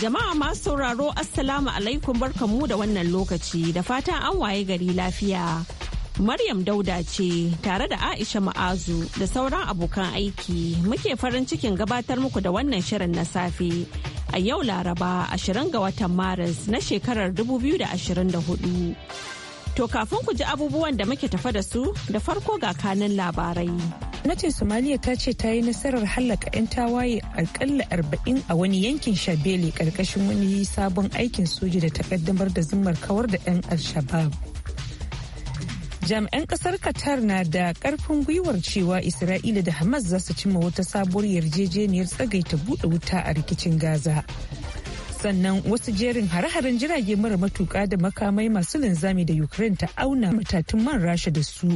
Jama'a masu sauraro Assalamu alaikum mu da wannan lokaci da fatan an waye gari lafiya. Maryam Dauda ce tare da Aisha Ma'azu da sauran abokan aiki muke farin cikin gabatar muku da wannan shirin na safe. A yau Laraba 20 ga watan Maris na shekarar 2024. To kafin ku ji abubuwan da muke tafa da su da farko ga kanin labarai. Gwamnatin Somaliya ta ce ta yi nasarar hallaka 'yan tawaye akalla 40 a wani yankin Shabele karkashin wani sabon aikin soji da ta kaddamar da zimmar kawar da 'yan al-Shabab. Jami'an kasar Qatar na da karfin gwiwar cewa Isra'ila da Hamas za su cimma wata sabuwar yarjejeniyar tsagaita buɗe wuta a rikicin Gaza. sannan wasu jerin hare-haren jirage mara matuka da makamai masu linzami da ukraine ta auna matatun man rasha da su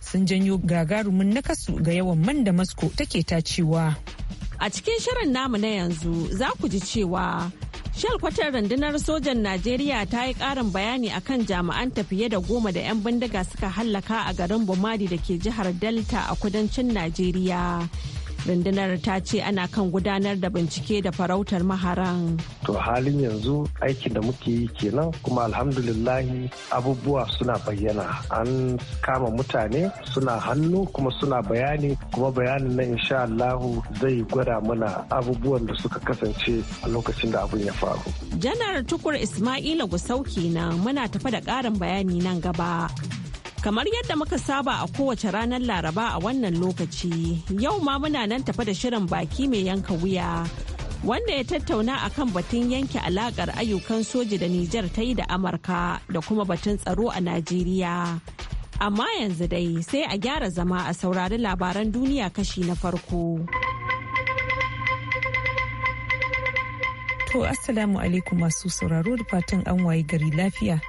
sun janyo gagarumin nakasu ga yawan man da masko take tacewa a cikin shirin namu na yanzu za ku ji cewa shalkwatar rundunar sojan najeriya ta yi karin bayani akan jami'an fiye da goma da 'yan bindiga suka hallaka a garin bomadi da ke jihar delta a kudancin najeriya rundunar ta ce ana kan gudanar da bincike da farautar maharan to halin yanzu aikin da muke yi kenan kuma alhamdulillahi abubuwa suna bayyana an kama mutane suna hannu kuma suna bayani kuma bayanin na insha Allahu zai gwada mana abubuwan da suka kasance a lokacin da abin ya faru janar tukur ismaila gusau kenan muna tafa da ƙarin bayani nan gaba Kamar yadda muka saba a kowace ranar Laraba a wannan lokaci, yau ma muna nan tafa da shirin baki mai yanka wuya. Wanda ya tattauna a kan batun yanke alakar ayyukan soji da Nijar ta yi da Amurka da kuma batun tsaro a Najeriya. Amma yanzu dai sai a gyara zama a saurari labaran duniya kashi na farko. To, Assalamu alaikum masu sauraro da fatan an waye gari lafiya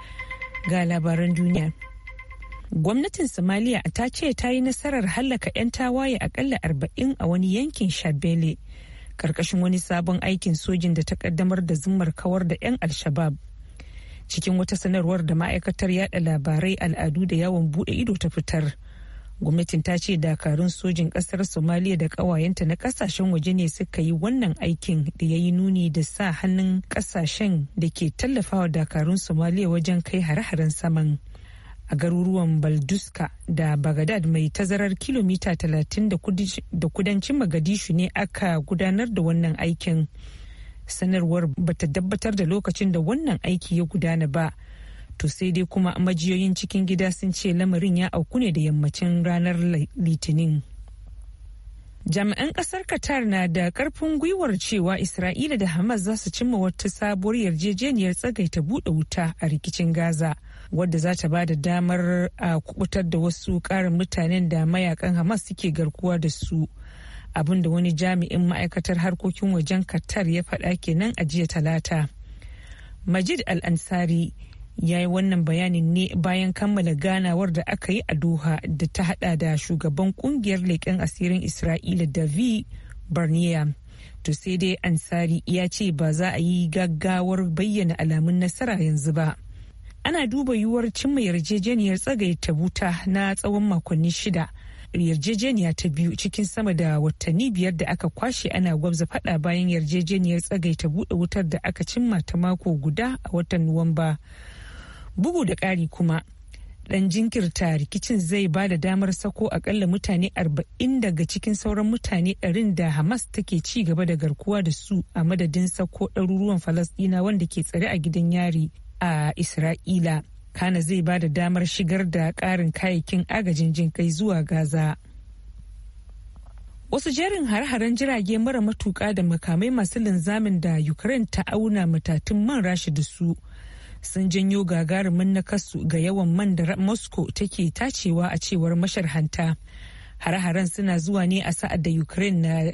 ga labaran duniya. gwamnatin somalia ta ce ta yi nasarar hallaka 'yan tawaye akalla 40 a wani yankin shabele karkashin wani sabon aikin sojin da ta kaddamar da zumar kawar da 'yan alshabab cikin wata sanarwar da ma'aikatar yada labarai al'adu da yawon bude ido ta fitar gwamnatin ta ce dakarun sojin kasar somaliya da kawayenta na kasashen waje ne suka yi wannan aikin da ya yi nuni da sa hannun kasashen da ke tallafawa dakarun somaliya wajen kai hare-haren saman a garuruwan balduska da bagadad mai tazarar kilomita 30 da kudancin magadishu ne aka gudanar da wannan aikin sanarwar bata tabbatar da lokacin da wannan aiki ya gudana ba to sai dai kuma majiyoyin cikin gida sun ce lamarin ya auku ne da yammacin ranar litinin jami'an kasar qatar na da karfin gwiwar cewa isra'ila da hamas za su cimma wata sabuwar yarjejeniyar tsagaita buɗe wuta a rikicin gaza wadda za ta ba da damar a kubutar da wasu ƙarin mutanen da mayakan hamas suke garkuwa da su abinda wani jami'in ma'aikatar harkokin wajen qatar ya faɗa kenan a jiya talata majid al-ansari ya yi wannan bayanin ne bayan kammala ganawar da aka yi a doha da ta hada da shugaban kungiyar leƙen asirin isra'ila davi barnier to sai dai ansari ya ce ba za a yi gaggawar bayyana alamun nasara yanzu ba ana duba yiwuwar cimma yarjejeniyar tsagaita buta na tsawon makonni shida yarjejeniya ta biyu cikin sama da watanni biyar da aka kwashe ana gwabza fada bayan yarjejeniyar tsagaita buɗe wutar da aka cimma ta mako guda a watan nuwamba bugu da ƙari kuma dan jinkirta rikicin zai ba da damar sako akalla mutane 40 daga cikin sauran mutane 100 da hamas take ci gaba da garkuwa da su a madadin sako ɗaruruwan falasɗina wanda ke tsare a gidan yari a Isra'ila. Kana zai ba da damar shigar da ƙarin kayayyakin agajin jin kai zuwa Gaza. Wasu jerin har-haren jirage mara matuƙa da makamai masu linzamin da Ukraine ta auna matatun man rashi da su sun janyo gagarumin na kasu ga yawan man da Moscow take tacewa a cewar masharhanta. Har-haren suna zuwa ne a sa'ad da Ukraine na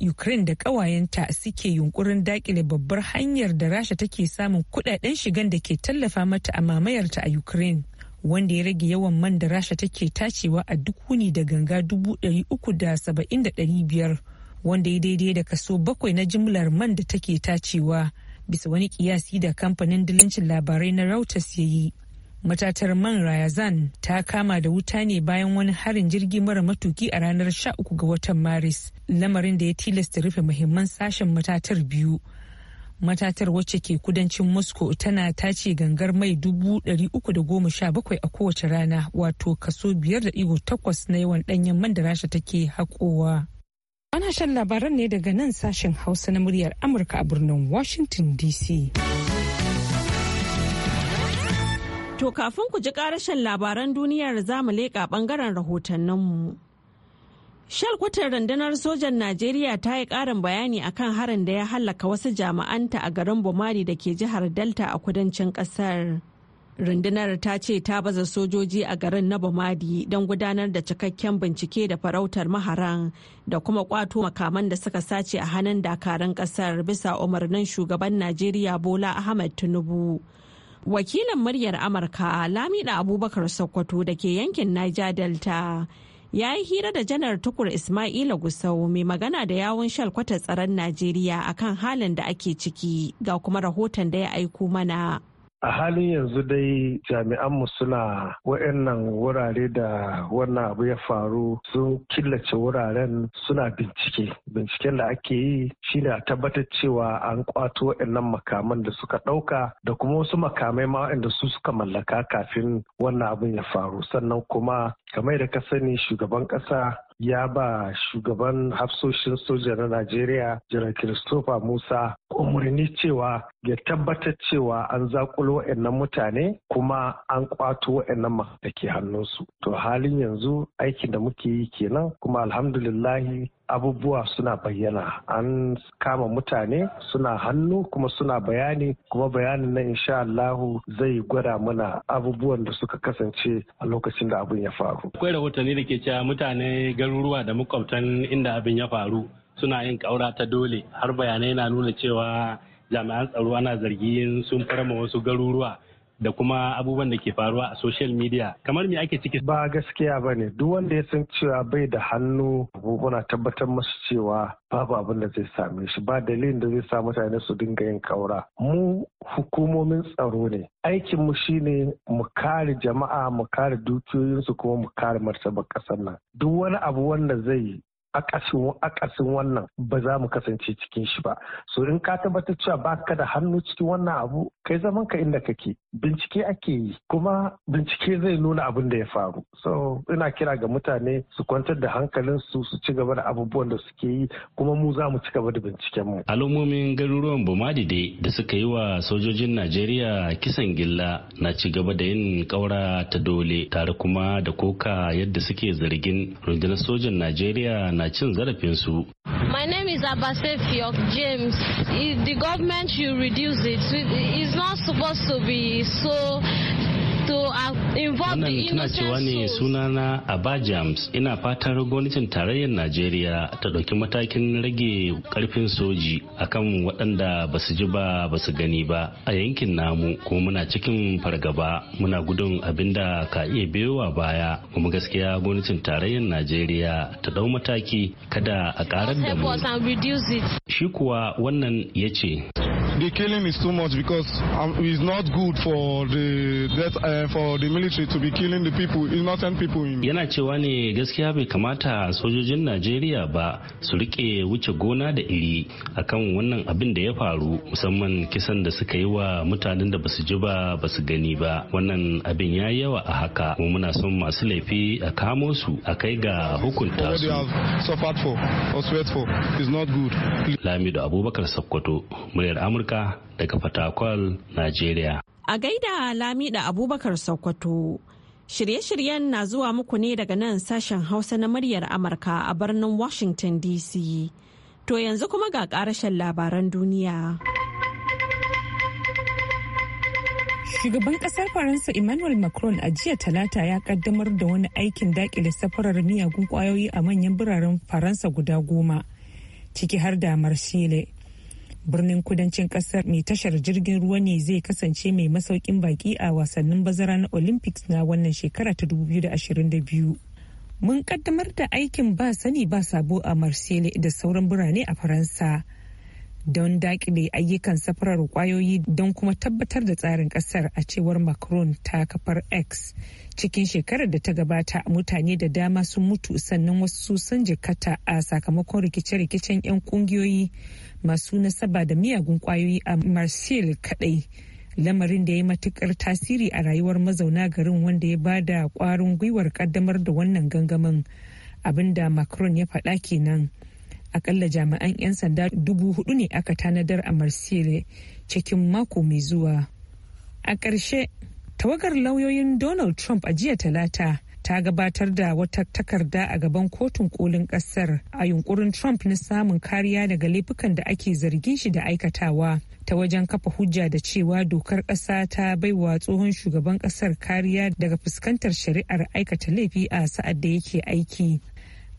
Ukraine da ƙawayenta suke yunkurin dakile babbar hanyar da Rasha take samun kuɗaɗen shigan da ke tallafa mata a mamayarta a Ukraine. Wanda ya rage yawan man da Rasha take tacewa a duk wuni da ganga dubu uku da saba'in da biyar wanda ya daidai da kaso bakwai na jimlar man da take tacewa bisa wani kiyasi da kamfanin dilancin labarai na Reuters ya yi. matatar man Rayazan ta kama da wuta ne bayan wani harin jirgi mara matuki a ranar 13 ga watan Maris, lamarin da ya tilasta rufe muhimman sashen matatar biyu. Matatar wacce ke kudancin Moscow tana tace gangar mai 317 a kowace rana wato kaso 5.8 na yawan danyen man da rasha take hakowa. Ana shan labaran ne daga nan sashen Hausa na muryar Amurka a birnin Washington DC. To kafin ku ji karashin labaran duniyar zamu leƙa ɓangaren rahotanninmu. Shalkwatar rundunar sojan Najeriya ta yi ƙarin bayani akan harin da ya hallaka wasu jami'anta a garin Bomari da ke jihar Delta a kudancin ƙasar. Rundunar ta ce ta baza sojoji a garin na Bomadi don gudanar da cikakken bincike da farautar maharan da kuma kwato makaman da suka sace a hannun dakarun ƙasar bisa umarnin shugaban Najeriya Bola Ahmed Tinubu. wakilin muryar amurka lamida abubakar sokoto da ke yankin niger delta ya yi hira da janar tukur ismaila gusau mai magana da yawon shalkwata tsaron najeriya akan halin da ake ciki ga kuma rahoton da ya aiko mana a halin yanzu dai jami'anmu suna wa'annan wurare da wannan abu ya faru sun killace wuraren suna bincike binciken da ake yi shine a tabbatar cewa an kwato wa'annan makaman da suka ɗauka da kuma wasu makamai ma wa'anda su suka mallaka kafin wannan abun ya faru sannan kuma kamar da ka sani shugaban ƙasa ya ba shugaban hafsoshin soja na Najeriya Jiran Christopher Musa umarni cewa ya tabbatar cewa an zakulo wa'annan mutane kuma an kwato wa'annan masu hannunsu. To halin yanzu aikin da muke yi kenan kuma alhamdulillahi abubuwa suna bayyana an kama mutane suna hannu kuma suna bayani kuma bayanin na insha Allahu zai gwada mana abubuwan da suka kasance a lokacin da abin ya faru. Akwai rahotanni da ke cewa mutane garuruwa da makwabtan inda abin ya faru suna yin ƙaura ta dole har bayanai na nuna cewa jami'an tsaro ana zargin sun farma wasu garuruwa da kuma abubuwan da ke faruwa a social media kamar me ake ciki ba gaskiya ba ne duk wanda ya san cewa bai da hannu abubuwa tabbatar masu cewa babu abin da zai same shi ba dalilin da zai sa mutane su dinga yin kaura mu hukumomin tsaro ne aikin mu shine mu kare jama'a mu kare dukiyoyinsu kuma mu kare martabar kasar nan duk wani abu wanda zai akasin wannan ba za mu kasance cikin shi ba so in ka tabbatar cewa ba ka da hannu cikin wannan abu kai zaman ka inda kake bincike ake yi kuma bincike zai nuna abin da ya faru so ina kira ga mutane su kwantar da hankalin su su ci gaba da abubuwan da suke yi kuma mu za mu ci gaba da binciken mu al'ummomin garuruwan dai da suka yi wa sojojin najeriya kisan gilla na ci gaba da yin kaura ta dole tare kuma da koka yadda suke zargin rundunar sojan najeriya na cin zarafinsu. My name is Abasefiok James. The government should reduce it. It's not supposed to be so are tana cewa ne sunana Abba James ina fatan gwamnatin tarayyar Najeriya ta ɗauki matakin rage karfin soji akan waɗanda ba su ji ba ba su gani ba a yankin namu kuma muna cikin fargaba muna gudun abinda ka iya biyowa baya kuma gaskiya gwamnatin tarayyar Najeriya ta ɗau mataki kada a ƙarar da mu. Shi kuwa wannan ya ce. the killing is too much because um, it's not good for the that, uh, for the military to be killing the people innocent people. Yana cewa ne gaskiya bai kamata sojojin Najeriya ba su rike wuce gona da iri akan wannan abin da ya faru musamman kisan da suka yi wa mutanen da basu ji ba basu gani ba wannan abin ya yi yawa a haka kuma muna son masu laifi a kamo su a kai ga hukunta su. Lamido Abubakar Sokoto muryar Amurka. Afirka daga Fatakwal, Najeriya. A gaida Lamida Abubakar Sokoto. Shirye-shiryen na zuwa muku ne daga nan sashen Hausa na muryar Amurka a birnin Washington DC. To yanzu kuma ga ƙarashen labaran duniya. Shugaban kasar Faransa Emmanuel Macron a jiya talata ya kaddamar da wani aikin daƙile safarar miyagun kwayoyi a manyan biraren Faransa guda goma, ciki har da Marseille. birnin kudancin kasar mai tashar jirgin ruwa ne zai kasance mai masaukin baki a wasannin bazara na olympics na wannan shekara ta 2022 mun kaddamar da aikin ba sani ba sabo a marseille da sauran birane a faransa don dakile ayyukan safarar kwayoyi don kuma tabbatar da tsarin kasar a cewar macron ta kafar x cikin shekarar da ta gabata mutane da dama sun mutu sannan wasu sun jikata a sakamakon rikice-rikicen 'yan kungiyoyi masu nasaba da miyagun kwayoyi a marseille kadai lamarin da ya matukar tasiri a rayuwar mazauna garin wanda ya bada kwarin gwiwar kaddamar da wannan gangamin abinda macron ya faɗa kenan. akalla jami'an 'yan sanda dubu hudu ne aka tanadar a marsile cikin mako mai zuwa a ƙarshe tawagar lauyoyin donald trump a jiya talata ta gabatar da wata takarda a gaban kotun kolin kasar a yunkurin trump na samun kariya daga laifukan da ake zargin shi da aikatawa ta wajen kafa hujja da cewa dokar ƙasa ta baiwa tsohon shugaban ƙasar kariya daga fuskantar shari'ar aikata laifi a sa'ad da yake aiki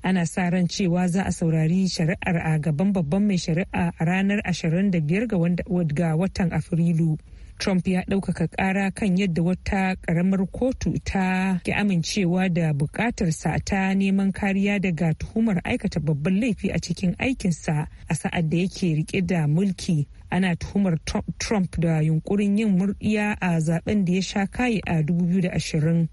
ana sa ran cewa za a saurari shari'ar a gaban babban mai shari'a a ranar 25 ga watan afrilu trump ya ɗaukaka ƙara kan yadda wata ƙaramar kotu ta ki amincewa da buƙatarsa ta neman kariya daga tuhumar aikata babban laifi a cikin aikinsa a sa'ad da yake rike da mulki ana tuhumar trump da yunkurin yin murɗiya a zaben da ya sha kayi a 2020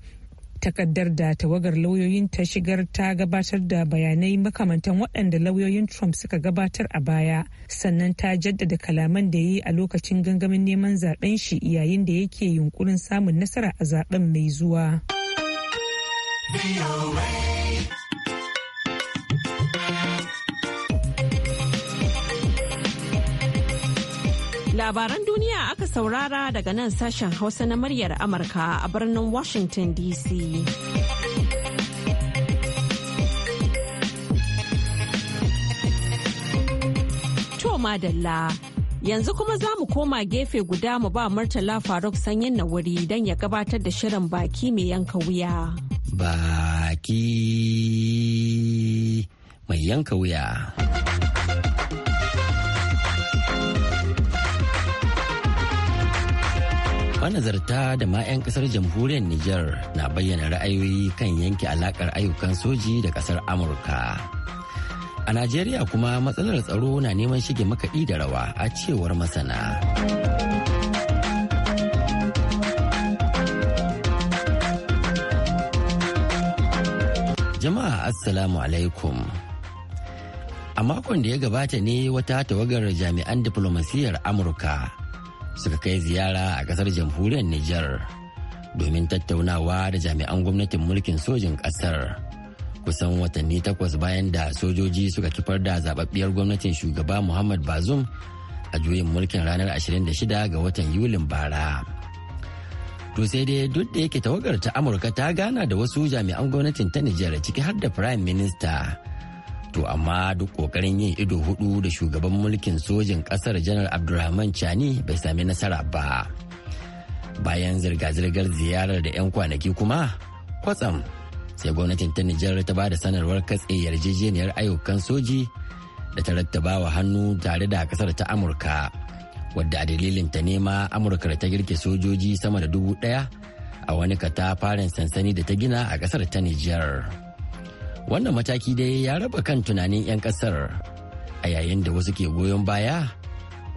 takardar da tawagar lauyoyin ta shigar ta gabatar da bayanai makamantan waɗanda lauyoyin trump suka gabatar a baya sannan ta jaddada kalaman da ya yi a lokacin gangamin neman zaben shi yayin da yake yunkurin samun nasara a zaben mai zuwa. Labaran duniya aka saurara daga nan sashen Hausa na muryar Amurka a birnin Washington DC. To madalla. Yanzu kuma za mu koma gefe guda mu ba Murtala Faruk sanyin na wuri don ya gabatar da shirin baki mai yanka wuya. Baki mai yanka wuya. manazarta da ma 'yan kasar jamhuriyar Nijar na bayyana ra'ayoyi kan yanke alakar ayyukan soji da kasar Amurka. A Najeriya kuma matsalar tsaro na neman shige makaɗi da rawa a cewar masana. Jama'a Assalamu alaikum. A makon da ya gabata ne wata tawagar jami'an diflomasiyyar Amurka suka kai ziyara a kasar jamhuriyar Nijar domin tattaunawa da jami'an gwamnatin mulkin sojin kasar. Kusan watanni takwas bayan da sojoji suka kifar da zababbiyar gwamnatin shugaba Muhammad Bazum a juyin mulkin ranar 26 ga watan Yulin bara. To sai dai duk da yake tawagar ta Amurka ta gana da wasu jami'an gwamnatin ta Nijar ciki har da Prime Minister. to amma duk kokarin yin ido hudu da shugaban mulkin sojin kasar janar abdulrahman chani bai sami nasara ba bayan zirga-zirgar ziyarar da 'yan kwanaki kuma kwatsam sai gwamnatin ta nijar ta ba da sanarwar katse yarjejeniyar ayyukan soji da ta rattaba wa hannu tare da kasar ta amurka wadda a dalilin ta nema amurka ta girke sojoji sama da dubu daya a wani katafaren sansani da ta gina a kasar ta nijar. wannan mataki dai ya raba kan tunanin 'yan kasar a yayin da wasu ke goyon baya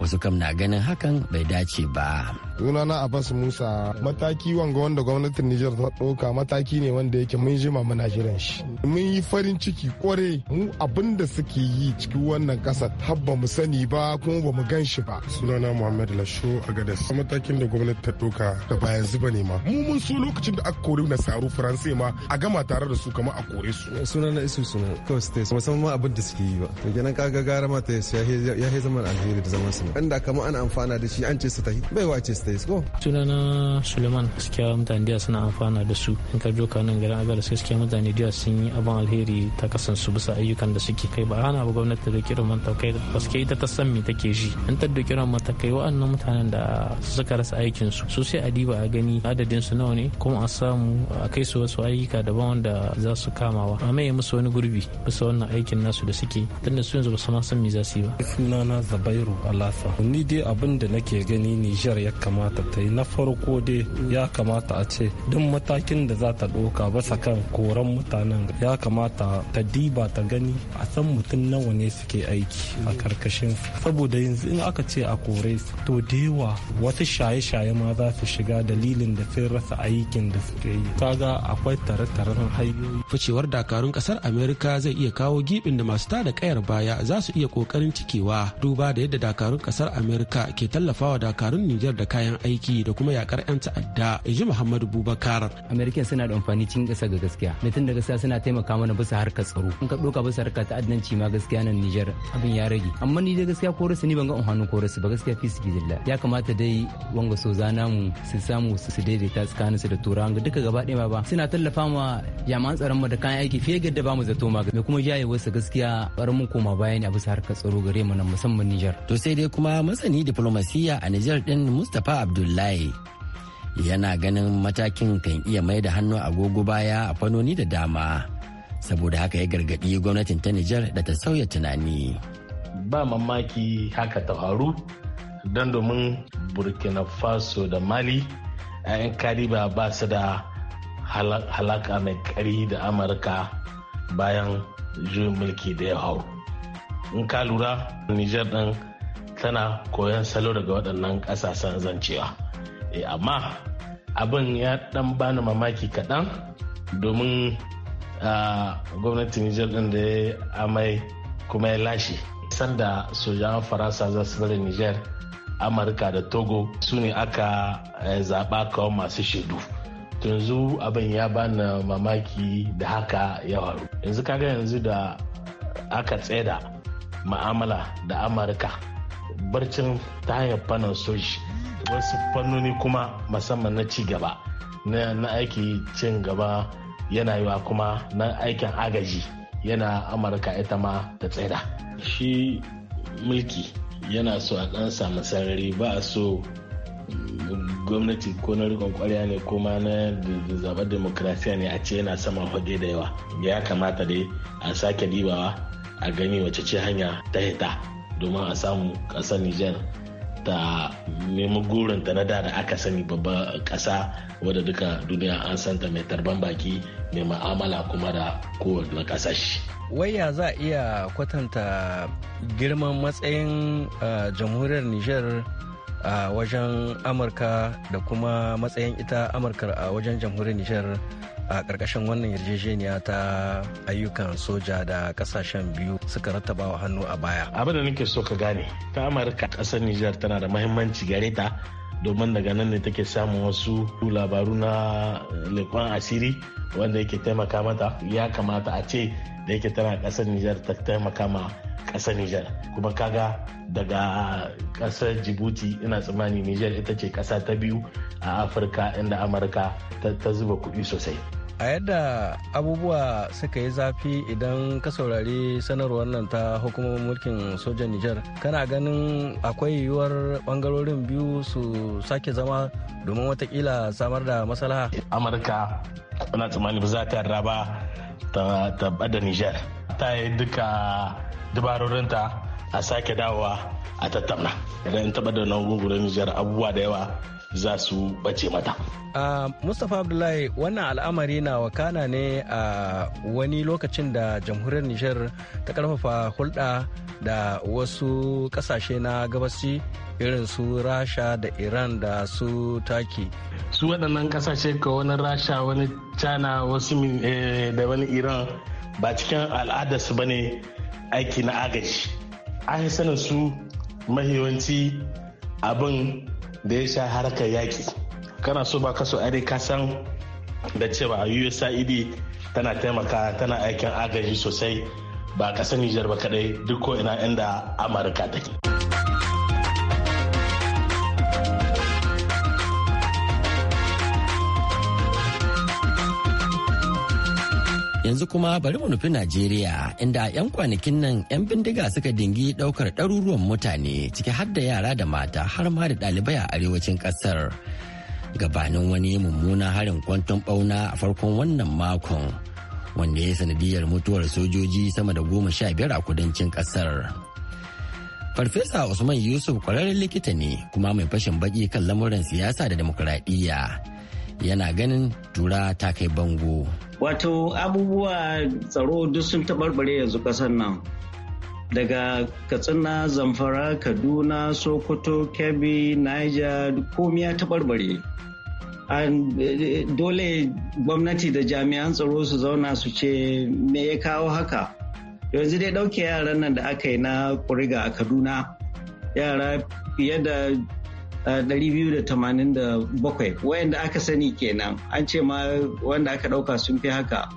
wasu kam na ganin hakan bai dace ba sunana abbas musa mataki wanga wanda gwamnatin nijar ta ɗauka mataki ne wanda yake mun jima muna shirin shi mun yi farin ciki kware mu abin da suke yi cikin wannan ƙasa habba mu sani ba kuma ba mu gan shi ba sunana muhammad lasho a gadas matakin da gwamnati ta ɗauka da bayan zuba ne ma mu mun so lokacin da aka kore nasaru faransai ma a gama tare da su kamar a kore su sunana isu suna kawai su musamman abin da suke yi ba to k'a kaga gara ma ta ya zama alheri da zaman su wanda kamar ana amfana da shi an ce su tafi bai wace su tafi ko sunana suleiman gaskiya mutane da suna amfana da su in ka joka nan garin agadas gaskiya mutane da sun yi abin alheri ta kasansu bisa ayyukan da suke kai ba hana ba gwamnati ta doki rumman kai gaskiya ita ta san me take ji in ta doki rumman kai wa'annan mutanen da suka rasa aikin su su sai a diba a gani adadin su nawa ne kuma a samu a kai su wasu ayyuka daban wanda za su kamawa a maye musu wani gurbi bisa wannan aikin nasu da suke tunda su yanzu ba su ma san me za su yi ba sunana zabairu allah kasa ni dai abin da nake gani nijar ya kamata ta yi na farko dai ya kamata a ce duk matakin da za ta ɗauka basa kan koran mutanen ya kamata ta diba ta gani a san mutum nawa ne suke aiki a karkashin saboda yanzu in aka ce a kore su to dewa wasu shaye-shaye ma za su shiga dalilin da sun rasa aikin da suke yi kaga akwai tare-taren hanyoyi ficewar dakarun kasar amerika zai iya kawo gibin da masu tada kayar baya za su iya kokarin cikewa duba da yadda dakarun kasar amerika ke tallafawa dakarun nijar da kayan aiki da kuma yakar 'yan ta'adda in ji muhammadu bubakar amerika suna da amfani cikin kasa ga gaskiya mutum da gaskiya suna taimaka mana bisa harkar tsaro in ka ɗauka bisa harkar ta'addanci ma gaskiya nan nijar abin ya rage amma ni da gaskiya ko ni ban ga amfanin ko ba gaskiya fisik su ya kamata dai wanga so zana mu su samu su daidaita tsakanin su da turawan duka gaba ɗaya ba suna tallafa ma yaman tsaron mu da kayan aiki fiye da ba mu zato ma mai kuma jaye wasu gaskiya bar mu koma ne a bisa harkar tsaro gare mu nan musamman nijar to sai dai kuma masani diplomasiya a Nijar ɗin Mustapha Abdullahi. Yana ganin matakin kan iya mai da hannu agogo baya a fannoni da dama. Saboda haka ya gargaɗi gwamnatin ta Nijar da ta sauya tunani. Ba mamaki haka ta faru don domin Burkina Faso da Mali 'yan kariba ba su da halaka mai kari da Amurka bayan juyin mulki da ya hau. In ka lura, Nijar ɗin tana koyon salo daga waɗannan ƙasashen zancewa e, amma abin ya ɗan bani mamaki kaɗan domin gwamnatin nijar ɗin da ya amai kuma ya lashe sanda sojan faransa za su bari nijar amurka da togo su ne aka eh, zaɓa kawo masu shaidu yanzu abin ya bani mamaki da haka ya faru yanzu kaga yanzu da aka tseda ma'amala da amurka barcin ta hanyar fannin soji wasu fannoni kuma musamman na ci gaba na aiki cin gaba yana yiwa kuma na aikin agaji yana amurka ita ma ta tsada. shi mulki yana so a ɗan samu sarari ba a so gwamnati ko na rikon kwarya ne ko ma na zaɓar demokrasiya ne a ce yana saman hode da yawa ya kamata dai a sake dibawa a gani wace ce hanya ta hita domin a samu ƙasar Nijar ta nemi ta na da da aka sani babba kasa wadda duka duniya an santa mai tarban baki mai ma'amala kuma da kowane kasashe. Waya za a iya kwatanta girman matsayin jamhuriyar Nijar a wajen Amurka da kuma matsayin ita Amurka a wajen jamhuriyar Nijar a ƙarƙashin wannan yarjejeniya ta ayyukan soja da ƙasashen biyu suka rattaba wa hannu a baya. Abin da nake so ka gane, ta Amurka ƙasar Nijar tana da mahimmanci gare ta domin daga nan ne take samun wasu labaru na eh, lekon asiri wanda yake taimaka mata ya kamata a ce da yake tana ƙasar Nijar ta taimaka ma ƙasar Nijar kuma kaga daga ƙasar jibuti ina tsammani Nijar ita ce ƙasa ta biyu a Afirka inda Amurka ta zuba kuɗi sosai. a yadda abubuwa suka yi zafi idan ka saurari sanarwar nan ta hukumar mulkin sojan Nijar kana ganin akwai yiwuwar bangarorin biyu su sake zama domin watakila samar da masalaha. Amurka tana tsammani ba za ta raba ta bada Nijar ta yi duka dabarorinta a sake dawowa a tattauna idan in taba da nan gungunan nijar abubuwa da yawa za su bace mata. Uh, Mustapha Abdullahi wannan al'amari na wakana ne a wani lokacin da jamhuriyar Nijar ta karfafa hulɗa da wasu ƙasashe na gabasi irin su Rasha da Iran da su Taki. Su waɗannan ƙasashe ka wani Rasha wani China wasu eh, da wani Iran ba cikin al'adarsu ba ne aiki na agaji an yi sanin su mahiyawanci abin da ya sha harkar yaƙi kana so ba kaso ari ka san da cewa usaid tana taimaka tana aikin agaji sosai ba ƙasar nijar ba kadai duk ko ina inda amurka take yanzu kuma bari mu nufi najeriya inda 'yan kwanakin nan 'yan bindiga suka dingi daukar ɗaruruwan mutane ciki har da yara da mata har ma da ɗalibai a arewacin ƙasar gabanin wani mummuna harin kwanton ɓauna a farkon wannan makon wanda ya sanadiyar mutuwar sojoji sama da goma sha biyar a kudancin ƙasar farfesa usman yusuf kwararren likita ne kuma mai fashin baki kan lamuran siyasa da demokuraɗiyya yana ganin tura ta kai bango wato abubuwa tsaro duk sun taɓarɓare yanzu ƙasar nan daga katsina zamfara kaduna sokoto kebbi niger komi ya taɓarɓare dole gwamnati da jami'an tsaro su zauna su ce me ya kawo haka yanzu dai ɗauke yaran nan da aka yi na kuriga a kaduna yara fiye da 287 wayanda aka sani kenan an ce ma wanda aka ɗauka sun fi haka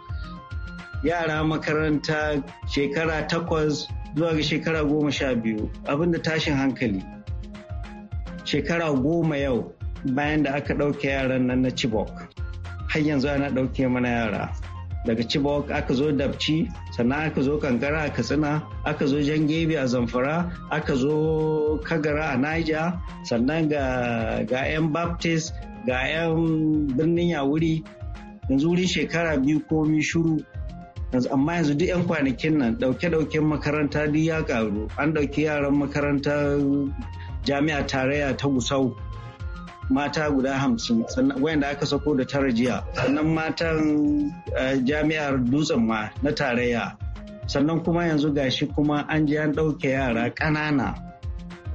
yara makaranta shekara takwas zuwa ga shekara goma sha biyu abinda tashin hankali shekara goma yau bayan da aka ɗauke yaran nan na chibok har yanzu ana ɗauke mana yara daga Chibok aka zo Dabci sannan aka zo Kankara a Katsina aka zo Jangebe a Zamfara aka zo Kagara a Niger sannan ga ga 'yan Baptist ga 'yan birnin Yawuri yanzu wurin shekara biyu komi shuru amma yanzu duk 'yan kwanakin nan dauke ɗauken makaranta duk ya ƙaru an ɗauki yaran makarantar jami'a tarayya ta gusau mata guda hamsin wayanda aka sako da tara jiya sannan matan eh, jami'ar dutsen ma na tarayya sannan kuma yanzu gashi kuma an ji an ɗauke yara ƙanana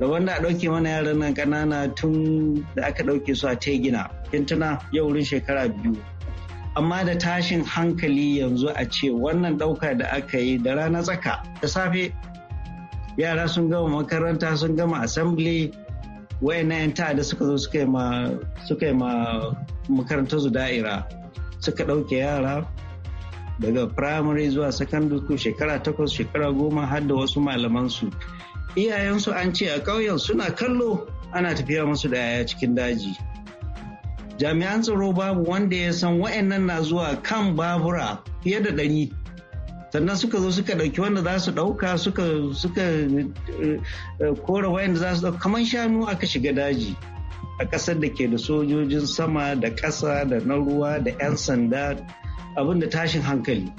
da wanda a ɗauke mana yaran nan ƙanana tun da aka ɗauke su a tegina kintuna yau wurin shekara biyu amma da tashin hankali yanzu a ce wannan ɗauka da aka yi da rana tsaka da safe yara sun gama makaranta sun gama assembly wayannan yan ta'adda suka zo suka yi ma suka makarantar su da'ira suka ɗauke yara daga primary zuwa secondary school shekara takwas shekara goma har da wasu malamansu iyayensu an ce a ƙauyen suna kallo ana tafiya musu da yaya cikin daji jami'an tsaro babu wanda ya san wayannan na zuwa kan babura fiye da ɗari sannan suka zo suka ɗauki wanda za su ɗauka suka kora eh, kora wayanda za su ɗauka kamar shanu aka shiga daji a ƙasar da ke da sojojin sama da ƙasa da na ruwa da 'yan sanda abin da tashin hankali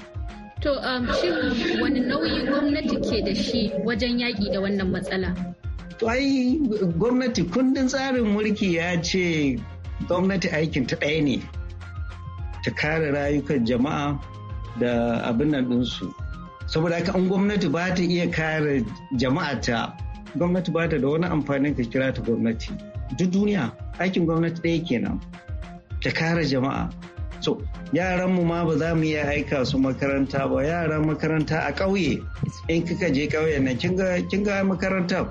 to um, shin wani nauyi gwamnati ke da shi wajen yaƙi da wannan matsala to ai gwamnati kundin tsarin mulki ya ce gwamnati aikin ta ɗaya ne ta kare rayukan jama'a da abin nan ɗinsu saboda haka an gwamnati ba ta iya kare jama'a ta. gwamnati ba ta da wani amfanin ka kira ta gwamnati duk duniya aikin gwamnati ɗaya kenan ta kare jama'a so yaran mu ma ba za mu iya aika su makaranta ba yaran makaranta a ƙauye in kika je ƙauye nan kin ga makaranta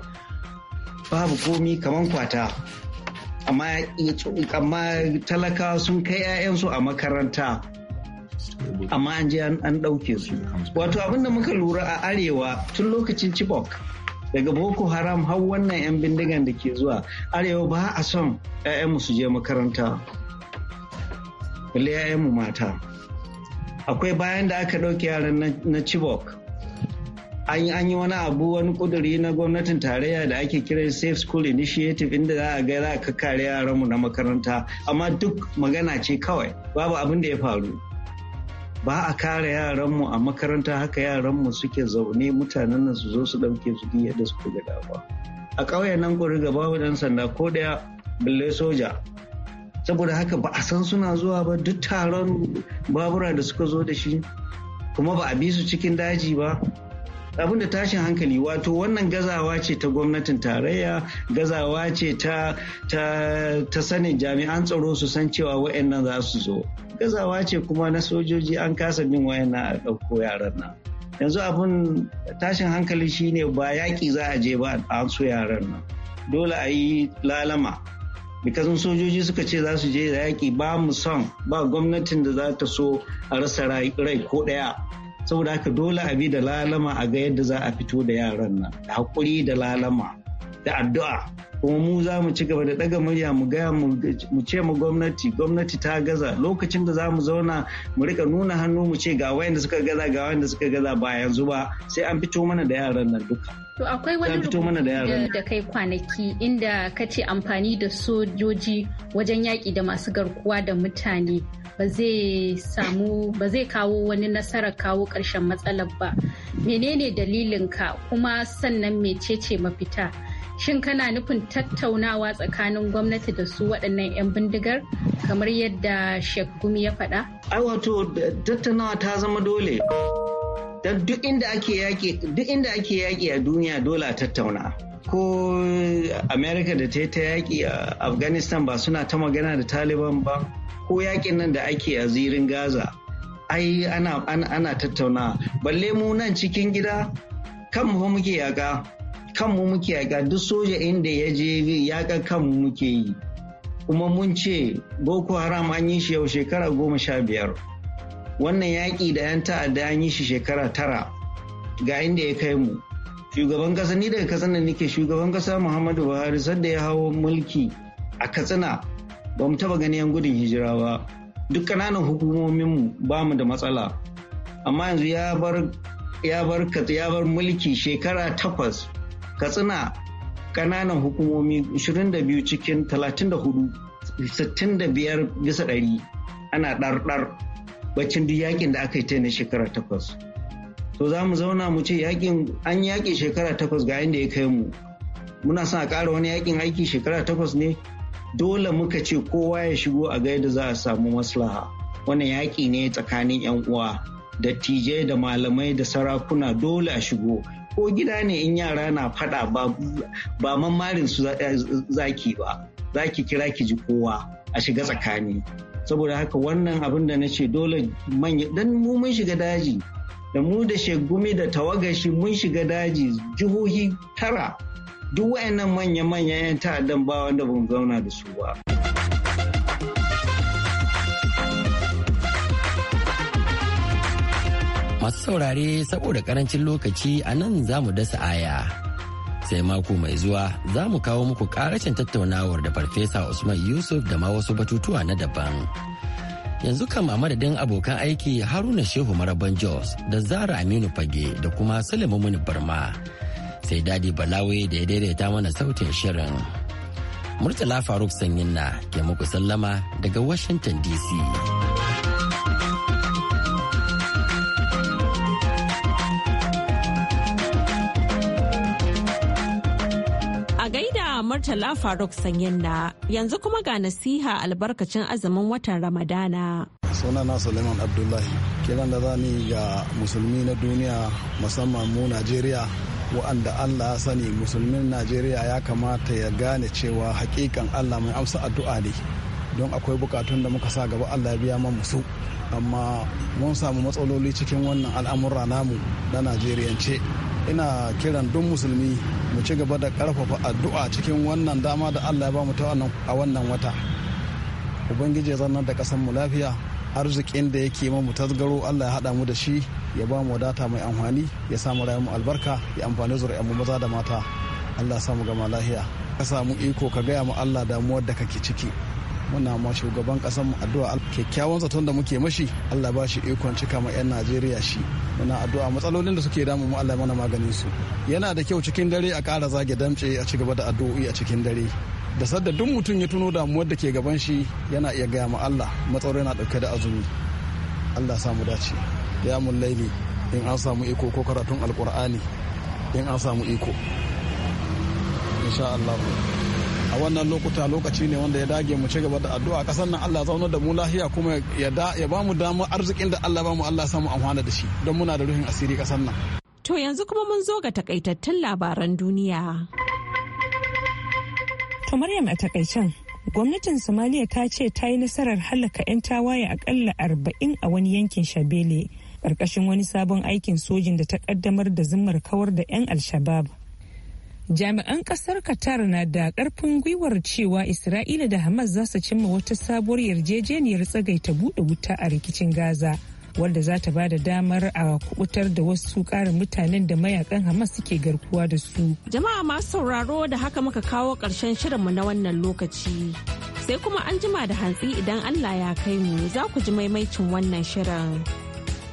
babu komi kaman kwata amma talaka sun kai 'ya'yansu a makaranta amma an je an ɗauke su wato abin da muka lura a arewa tun lokacin chibok daga boko haram har wannan 'yan bindigan da ke zuwa arewa ba a son 'ya'yanmu su je makaranta balle 'ya'yanmu mata akwai bayan da aka ɗauke yaran na chibok an yi wani abu wani kuduri na gwamnatin tarayya da ake kira safe school initiative inda za a ga za a kakkare yaranmu na makaranta amma duk magana ce kawai babu abin da ya faru ba a kare yaranmu a makaranta haka yaranmu suke zaune mutanen nan su zo su ɗauke su duk yadda suka ga a ƙauyen nan guri gaba ɗan sanda ko ɗaya bille soja saboda haka ba a san suna zuwa ba duk taron babura da suka zo da shi kuma ba a bi su cikin daji ba abin da tashin hankali wato wannan gazawa ce ta gwamnatin tarayya gazawa ce ta ta sanin jami'an tsaro su san cewa wayannan za su zo gazawa ce kuma na sojoji an kasa bin wayannan a ɗauko yaran nan yanzu abin tashin hankali shine ba yaƙi za a je ba a so yaran nan dole a yi lalama bikazin sojoji suka ce za su je da yaƙi ba mu son ba gwamnatin da za ta so a rasa rai ko ɗaya saboda haka dole a bi da lalama a ga yadda za a fito da yaran nan da haƙuri da lalama da addu'a kuma mu za mu ci gaba da ɗaga murya mu gaya mu ce mu gwamnati gwamnati ta gaza lokacin da za mu zauna mu rika nuna hannu mu ce ga wayanda suka gaza ga wayanda suka gaza ba yanzu ba sai an fito mana da yaran nan duka. To akwai wani rubutu da kai kwanaki inda ka ce amfani da sojoji wajen yaƙi da masu garkuwa da mutane ba zai samu ba kawo wani nasarar kawo ƙarshen matsalar ba. Menene dalilinka kuma sannan mecece mafita? Shin kana nufin tattaunawa tsakanin gwamnati da su waɗannan 'yan bindigar kamar yadda Sheikh Gumi ya faɗa? Ai wato tattaunawa ta zama dole. duk inda ake yaƙi a duniya dole a tattauna ko america da ta yi ta yaƙi a afghanistan ba suna ta magana da taliban ba ko yaƙin nan da ake a zirin gaza ai ana, tattauna balle mu nan cikin gida mu muke yaƙa mu muke yaƙa duk soja inda ya je yaƙa kan mu muke yi kuma mun ce boko haram an yi shi yau shekara goma sha biyar wannan yaƙi da 'yan ta'adda an yi shi shekara tara ga inda ya kai mu shugaban ƙasa ni daga kasan da nake shugaban ƙasa muhammadu buhari sadda ya hawo mulki a katsina ba mu taɓa gani 'yan gudun hijira ba duk ƙananan mu ba mu da matsala amma yanzu ya bar ya bar mulki shekara takwas katsina ƙananan hukumomi 22 cikin 34 65 bisa 100 ana ɗarɗar baccin duk yakin da aka yi ta na shekara takwas to za mu zauna mu ce yakin an yaƙi shekara takwas ga inda ya kai mu muna son a ƙara wani yakin aiki shekara takwas ne dole muka ce kowa ya shigo a ga yadda za a samu maslaha wani yaƙi ne tsakanin 'yan uwa da tijai da malamai da sarakuna dole a shigo ko gida ne in yara na faɗa ba mamarin su zaki ba zaki kira ki ji kowa a shiga tsakani saboda haka wannan abin da na ce dole manya dan mu mun shiga daji da mu da shegumi da tawagashi mun shiga daji jihohi tara duk wayannan manya manya 'yan ta'addan ba wanda ban zauna da su ba. Masu saurare saboda karancin lokaci a nan za mu dasa aya. sai mako mai zuwa za mu kawo muku karashin tattaunawar da farfesa usman yusuf da ma wasu batutuwa na daban yanzu kam a madadin abokan aiki haruna shehu maraban jos da zara aminu fage da kuma salimu barma sai dadi balawe da ya daidaita mana sautin shirin murtala faruk sanyin na ke muku sallama daga washington dc Murtala Faruk na yanzu kuma ga nasiha albarkacin azumin watan Ramadana. Sunana Suleiman Abdullahi, kiran da zani ga musulmi na duniya musamman mu Najeriya wa'anda Allah ya sani musulmin Najeriya ya kamata ya gane cewa hakikan Allah mai amsa addu'a ne. don akwai bukatun da muka sa gaba Allah ya biya mu musu amma mun samu matsaloli cikin wannan al'amura namu na ce. ina kiran duk musulmi mu ci gaba da karfafa addu'a cikin wannan dama da allah ya ba mu ta a wannan wata ubangiji ya zanna da kasan mu lafiya arzikin da yake mu tasgaro allah ya hada mu da shi ya ba mu wadata mai amfani ya samu rayuwar mu albarka ya amfani zuri'ar mu maza da mata allah ya samu gama lafiya ka samu iko ka gaya mu allah damuwar da kake ciki muna ma shugaban kasan mu addu'a kyakkyawan zaton da muke mashi allah ba shi ikon cika ma 'yan najeriya shi muna addu'a matsalolin da suke damu mu Allah mana maganin su yana da kyau cikin dare a ƙara zage damce a cigaba da addu'o'i a cikin dare da sadda duk mutum ya tuno damuwar da ke gaban shi yana iya gaya ma Allah matsalolin na ɗauke da azumi Allah samu dace ya mun laili in an samu iko ko karatun alkur'ani in an samu iko insha Allah a wannan lokuta lokaci ne wanda ya dage mu ci gaba da addu'a kasan nan Allah zaunar da mu lafiya kuma ya ya ba mu damar arzikin da Allah ba mu Allah samu amfana da shi don muna da ruhin asiri kasar nan to yanzu kuma mun zo ga takaitattun labaran duniya to Maryam a takaicen gwamnatin Somalia ta ce ta yi nasarar halaka 'yan tawaye akalla 40 a wani yankin Shabele karkashin wani sabon aikin sojin da ta ƙaddamar da zimmar kawar da 'yan al-shabab jami'an ƙasar qatar na da karfin gwiwar cewa isra'ila da hamas za su cimma wata sabuwar yarjejeniyar tsagaita buɗe wuta a rikicin gaza wanda za ta ba da damar a kubutar da wasu karin mutanen da mayakan hamas suke garkuwa da su jama'a masu sauraro da haka muka kawo ƙarshen mu na wannan lokaci sai kuma an jima da hantsi idan allah ya kai mu za ku ji maimaicin wannan shirin.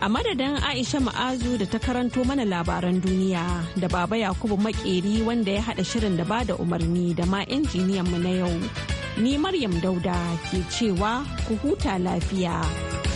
A madadin Aisha Ma'azu da ta karanto mana labaran duniya da Baba Yakubu Makeri wanda ya haɗa shirin da ba da umarni da ma injiniyan mu na yau. Ni Maryam Dauda ke cewa ku huta lafiya.